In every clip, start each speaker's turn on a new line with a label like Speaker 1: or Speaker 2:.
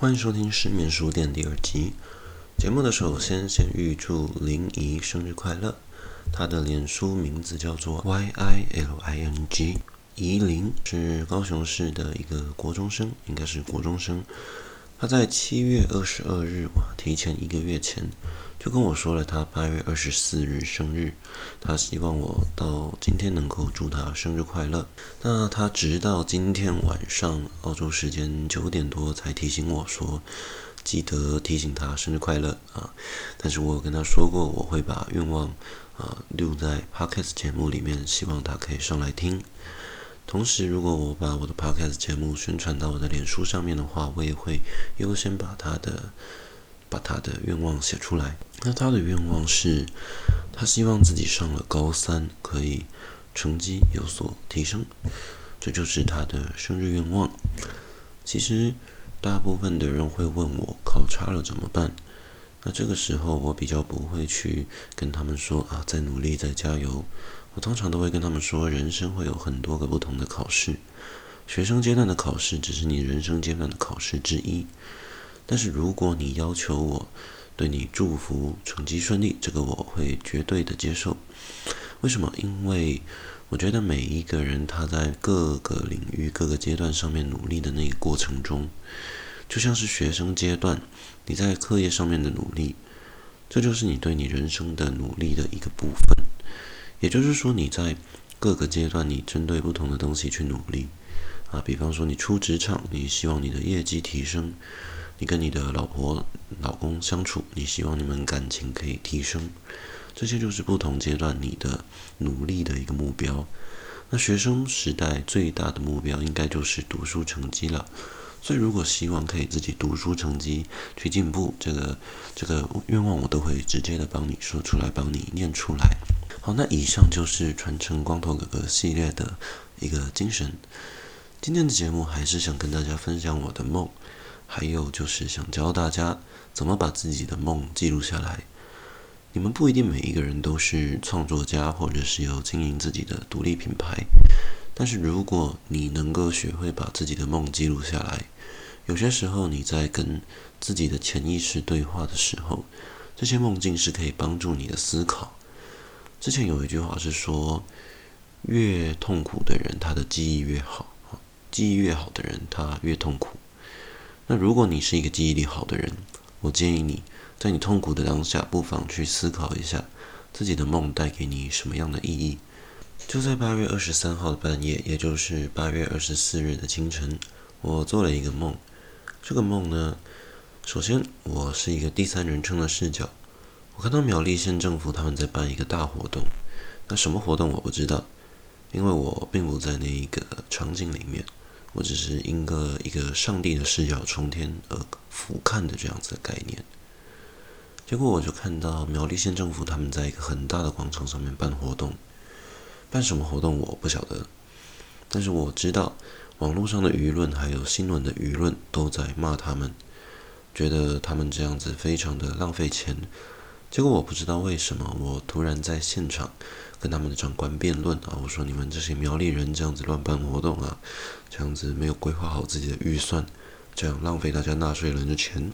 Speaker 1: 歡迎收聽《失眠書店》第二集。節目的首先先預祝林怡生日快樂。她的臉書名字叫做 Y I L I N G，怡琳是高雄市的一個國中生，應該是國中生。他在七月二十二日，哇，提前一個月前就跟我說了，他八月二十四日生日，他希望我到今天能夠祝他生日快樂。那他直到今天晚上澳洲時間九點多才提醒我說，記得提醒他生日快樂啊。但是我有跟他說過，我會把願望啊留在 podcast 節目裡面，希望他可以上來聽。同時，如果我把我的 podcast 節目宣傳到我的臉書上面的話，我也會優先把他的把他的願望寫出來。那他的願望是，他希望自己上了高三可以成績有所提升，這就是他的生日願望。其實大部分的人會問我考差了怎麼辦，那這個時候我比較不會去跟他們說啊，再努力，再加油。我通常都會跟他們說，人生會有很多個不同的考試，學生階段的考試只是你人生階段的考試之一。但是如果你要求我對你祝福成績順利，這個我會絕對的接受。為什麼？因為我覺得每一個人他在各個領域、各個階段上面努力的那一個過程中，就像是學生階段你在課業上面的努力，這就是你對你人生的努力的一個部分。也就是說，你在各個階段，你針對不同的東西去努力啊。比方說，你出職場，你希望你的業績提升；你跟你的老婆、老公相處，你希望你們感情可以提升。這些就是不同階段你的努力的一個目標。那學生時代最大的目標，應該就是讀書成績了。所以，如果希望可以自己讀書成績去進步，這個這個願望，我都會直接的幫你說出來，幫你念出來。好，那以上就是傳承光頭哥哥系列的一個精神。今天的節目還是想跟大家分享我的夢，還有就是想教大家怎麼把自己的夢記錄下來。你們不一定每一個人都是創作家，或者是有經營自己的獨立品牌，但是如果你能夠學會把自己的夢記錄下來，有些時候你在跟自己的潛意識對話的時候，這些夢境是可以幫助你的思考。之前有一句話是說，越痛苦的人，他的記憶越好；記憶越好的人，他越痛苦。那如果你是一個記憶力好的人，我建議你在你痛苦的當下，不妨去思考一下自己的夢帶給你什麼樣的意義。就在八月二十三號的半夜，也就是八月二十四日的清晨，我做了一個夢。這個夢呢，首先我是一個第三人稱的視角。我看到苗栗縣政府他們在辦一個大活動，那什麼活動我不知道，因為我並不在那一個場景裡面，我只是因一個一個上帝的視角衝天而俯瞰的這樣子的概念。結果我就看到苗栗縣政府他們在一個很大的廣場上面辦活動，辦什麼活動我不曉得，但是我知道網絡上的輿論還有新聞的輿論都在罵他們，覺得他們這樣子非常的浪費錢。結果我不知道為什麼，我突然在現場跟他們的長官辯論啊！我說：“你們這些苗栗人這樣子亂辦活動啊，這樣子沒有規劃好自己的預算，這樣浪費大家納稅人的錢。”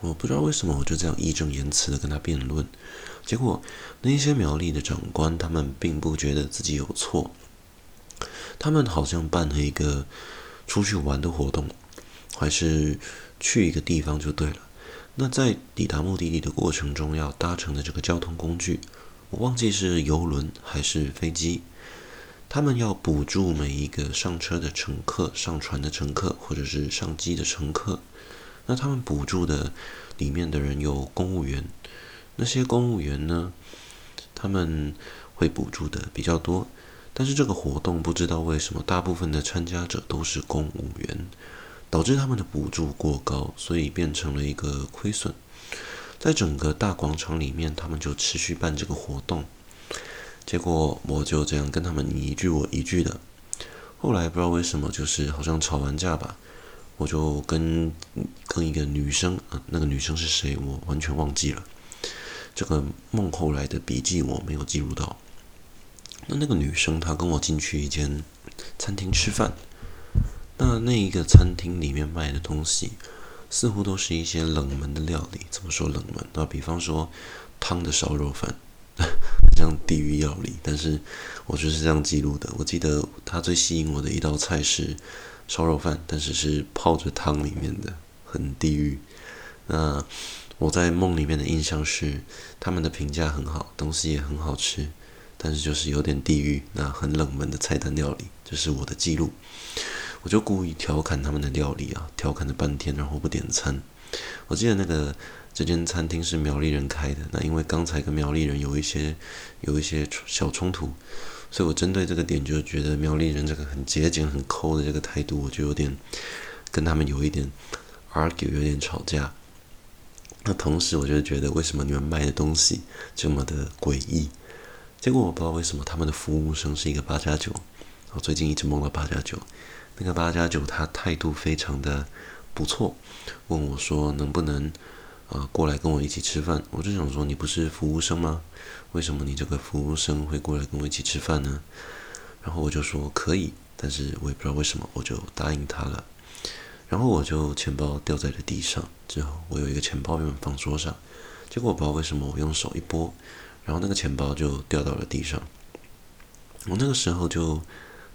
Speaker 1: 我不知道為什麼我就這樣義正言辭的跟他辯論。結果那些苗栗的長官他們並不覺得自己有錯，他們好像辦了一個出去玩的活動，還是去一個地方就對了。那在抵達目的地的過程中，要搭乘的這個交通工具，我忘記是遊輪還是飛機。他們要補助每一個上車的乘客、上船的乘客或者是上機的乘客。那他們補助的裡面的人有公務員，那些公務員呢，他們會補助的比較多。但是這個活動不知道為什麼，大部分的參加者都是公務員。導致他們的補助過高，所以變成了一個虧損。在整個大廣場裡面，他們就持續辦這個活動。結果我就這樣跟他們你一句我一句的。後來不知道為什麼，就是好像吵完架吧，我就跟跟一個女生，啊、那個女生是誰？我完全忘記了。這個夢後來的筆記我沒有記錄到。那那個女生她跟我進去一間餐廳吃飯。那那一個餐廳裡面賣的東西，似乎都是一些冷門的料理。怎麼說冷門啊？比方說湯的燒肉飯，呵呵像地獄料理。但是我就是這樣記錄的。我記得他最吸引我的一道菜是燒肉飯，但是是泡着湯裡面的，很地獄。那我在夢裡面的印象是，他們的評價很好，東西也很好吃，但是就是有點地獄。那很冷門的菜單料理，這，就是我的記錄。我就故意調侃他們的料理啊，調侃了半天，然後不點餐。我記得那個這間餐廳是苗栗人開的，那因為剛才跟苗栗人有一些有一些小衝突，所以我針對這個點就覺得苗栗人這個很節儉、很摳的這個態度，我就有點跟他們有一點 argue，有點吵架。那同時，我就覺得為什麼你們賣的東西這麼的詭異？結果我不知道為什麼他們的服務生是一個八加九，我最近一直夢到八加九。那個八加九，他態度非常的不錯，問我說能不能呃過來跟我一起吃飯。我就想說，你不是服務生嗎？為什麼你這個服務生會過來跟我一起吃飯呢？然後我就說可以，但是我也不知道為什麼，我就答應他了。然後我就錢包掉在了地上，之後我有一個錢包原本放桌上，結果我不知道為什麼我用手一撥，然後那個錢包就掉到了地上。我那個時候就。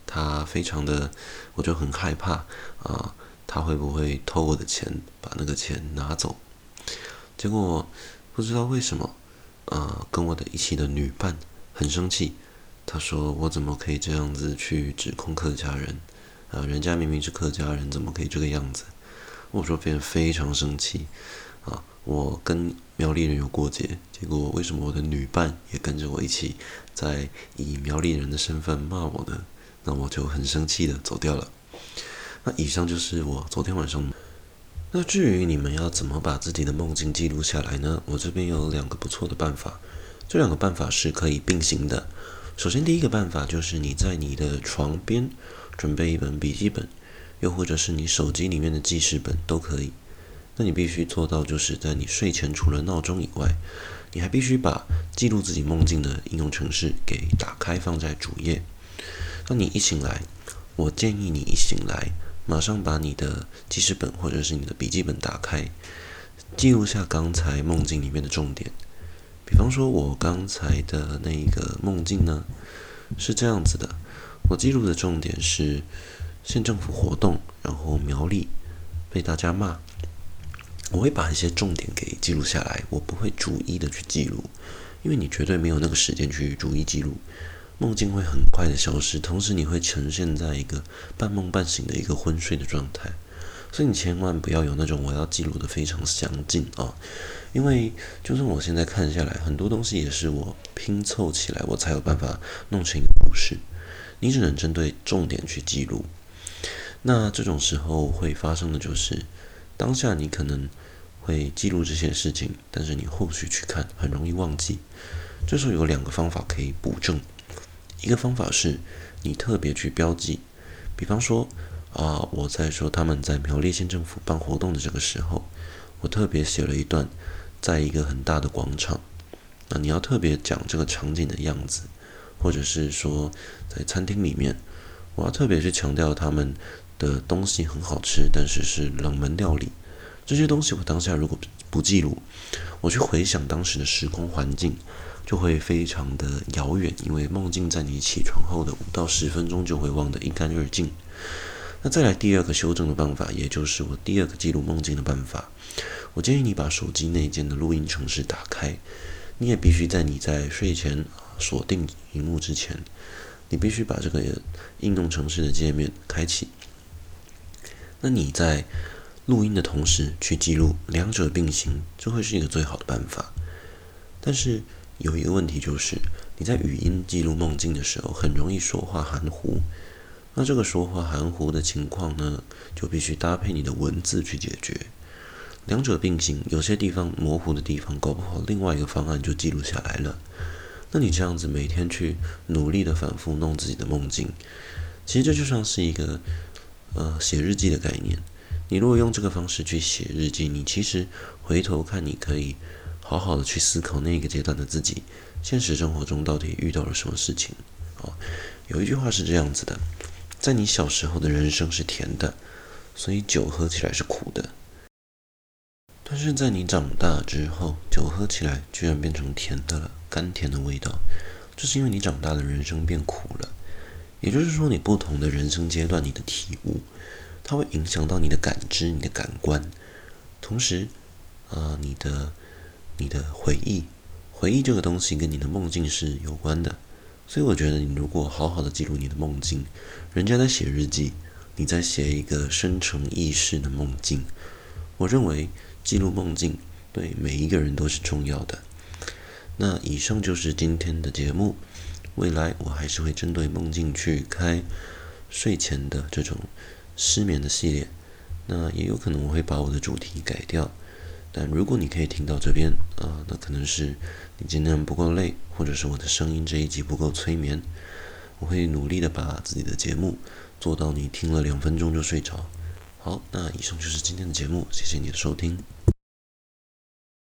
Speaker 1: 他非常的，我就很害怕啊，他、呃、會不會偷我的錢，把那個錢拿走？結果不知道為什麼，呃，跟我的一起的女伴很生氣，他說我怎麼可以這樣子去指控客家人？啊、呃，人家明明是客家人，怎麼可以這個樣子？我說，變得非常生氣啊、呃，我跟苗栗人有過節，結果為什麼我的女伴也跟着我一起在以苗栗人的身份罵我呢？那我就很生氣的走掉了。那以上就是我昨天晚上。那至於你們要怎麼把自己的夢境記錄下來呢？我這邊有兩個不錯的辦法，這兩個辦法是可以並行的。首先，第一個辦法就是你在你的床邊準備一本筆記本，又或者是你手機裡面的記事本都可以。那你必須做到，就是在你睡前除了鬧鐘以外，你還必須把記錄自己夢境的應用程式給打開，放在主頁。那你一醒來，我建議你一醒來，馬上把你的記事本或者是你的筆記本打開，記錄下剛才夢境裡面的重點。比方說，我剛才的那個夢境呢，是這樣子的。我記錄的重點是縣政府活動，然後苗栗被大家罵。我會把一些重點給記錄下來，我不會逐一的去記錄，因為你絕對沒有那個時間去逐一記錄。夢境會很快的消失，同時你會呈現在一個半夢半醒的一個昏睡的狀態，所以你千萬不要有那種我要記錄得非常詳盡啊，因為就算我現在看下來，很多東西也是我拼湊起來，我才有辦法弄成一個故事。你只能針對重點去記錄。那這種時候會發生的就是，當下你可能會記錄這些事情，但是你後續去看很容易忘記。這時候有兩個方法可以補正。一個方法是，你特別去標記，比方說，啊，我在說他們在苗栗縣政府辦活動的這個時候，我特別寫了一段，在一個很大的廣場，那你要特別講這個場景的樣子，或者是說在餐廳裡面，我要特別去強調他們的東西很好吃，但是是冷門料理。這些東西我當下如果不記錄，我去回想當時的時空環境，就會非常的遙遠，因為夢境在你起床後的五到十分鐘就會忘得一乾二淨。那再來第二個修正的辦法，也就是我第二個記錄夢境的辦法，我建議你把手機內建的錄音程式打開，你也必須在你在睡前鎖定螢幕之前，你必須把這個應用程式的界面開啟。那你在錄音的同時去記錄，兩者並行，這會是一個最好的辦法。但是有一個問題就是，你在語音記錄夢境的時候，很容易說話含糊。那這個說話含糊的情況呢，就必須搭配你的文字去解決。兩者並行，有些地方模糊的地方，搞不好另外一個方案就記錄下來了。那你這樣子每天去努力的反覆弄自己的夢境，其實這就像是一個呃寫日記的概念。你如果用這個方式去寫日記，你其實回頭看，你可以好好的去思考那個階段的自己，現實生活中到底遇到了什麼事情。啊，有一句話是這樣子的，在你小時候的人生是甜的，所以酒喝起來是苦的。但是在你長大之後，酒喝起來居然變成甜的了，甘甜的味道，這是因為你長大的人生變苦了。也就是說，你不同的人生階段，你的體悟。它會影響到你的感知、你的感官，同時，呃，你的、你的回憶，回憶這個東西跟你的夢境是有關的。所以，我覺得你如果好好的記錄你的夢境，人家在寫日記，你在寫一個深層意識的夢境。我認為記錄夢境對每一個人都是重要的。那以上就是今天的節目。未來我還是會針對夢境去開睡前的這種。失眠的系列，那也有可能我會把我的主題改掉，但如果你可以聽到這邊，啊，那可能是你今天不夠累，或者是我的聲音這一集不夠催眠。我會努力的把自己的節目做到你聽了兩分鐘就睡着。好，那以上就是今天的節目，謝謝你的收聽。